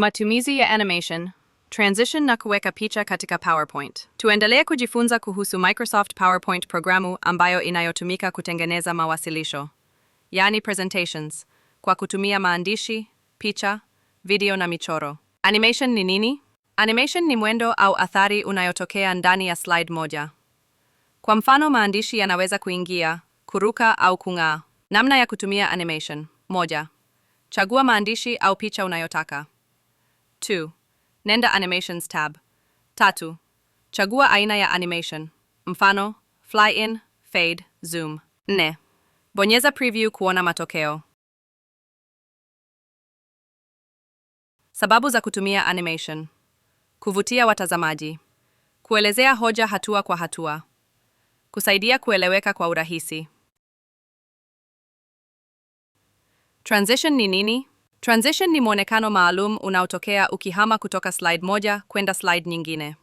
Matumizi ya animation. Transition na kuweka picha katika PowerPoint. Tuendelee kujifunza kuhusu Microsoft PowerPoint programu ambayo inayotumika kutengeneza mawasilisho, yani presentations, kwa kutumia maandishi, picha, video na michoro. Animation ni nini? Animation ni mwendo au athari unayotokea ndani ya slide moja. Kwa mfano, maandishi yanaweza kuingia, kuruka au kung'aa. Namna ya kutumia animation: moja, chagua maandishi au picha unayotaka. 2. Nenda Animations tab. Tatu. Chagua aina ya animation. Mfano, fly in, fade, zoom. Ne. Bonyeza preview kuona matokeo. Sababu za kutumia animation. Kuvutia watazamaji. Kuelezea hoja hatua kwa hatua. Kusaidia kueleweka kwa urahisi. Transition ni nini? Transition ni mwonekano maalum unaotokea ukihama kutoka slide moja kwenda slide nyingine.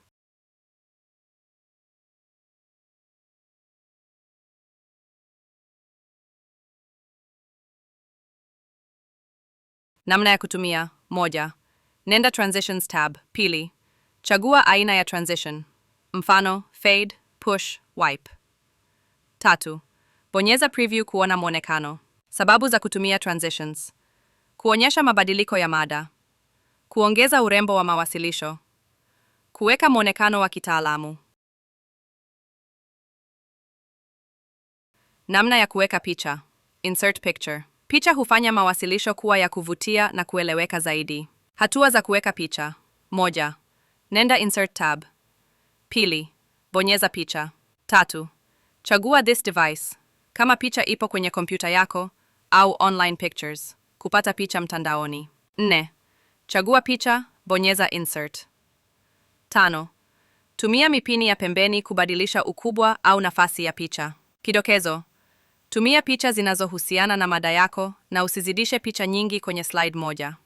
Namna ya kutumia: moja, nenda transitions tab. Pili, chagua aina ya transition, mfano fade, push, wipe. Tatu, bonyeza preview kuona mwonekano. Sababu za kutumia transitions kuonyesha mabadiliko ya mada, kuongeza urembo wa mawasilisho, kuweka mwonekano wa kitaalamu. Namna ya kuweka picha, insert picture. Picha hufanya mawasilisho kuwa ya kuvutia na kueleweka zaidi. Hatua za kuweka picha: moja, nenda insert tab. Pili, bonyeza picha. Tatu, chagua this device, kama picha ipo kwenye kompyuta yako au online pictures kupata picha mtandaoni. 4. Chagua picha, bonyeza insert. Tano, Tumia mipini ya pembeni kubadilisha ukubwa au nafasi ya picha. Kidokezo: tumia picha zinazohusiana na mada yako na usizidishe picha nyingi kwenye slide moja.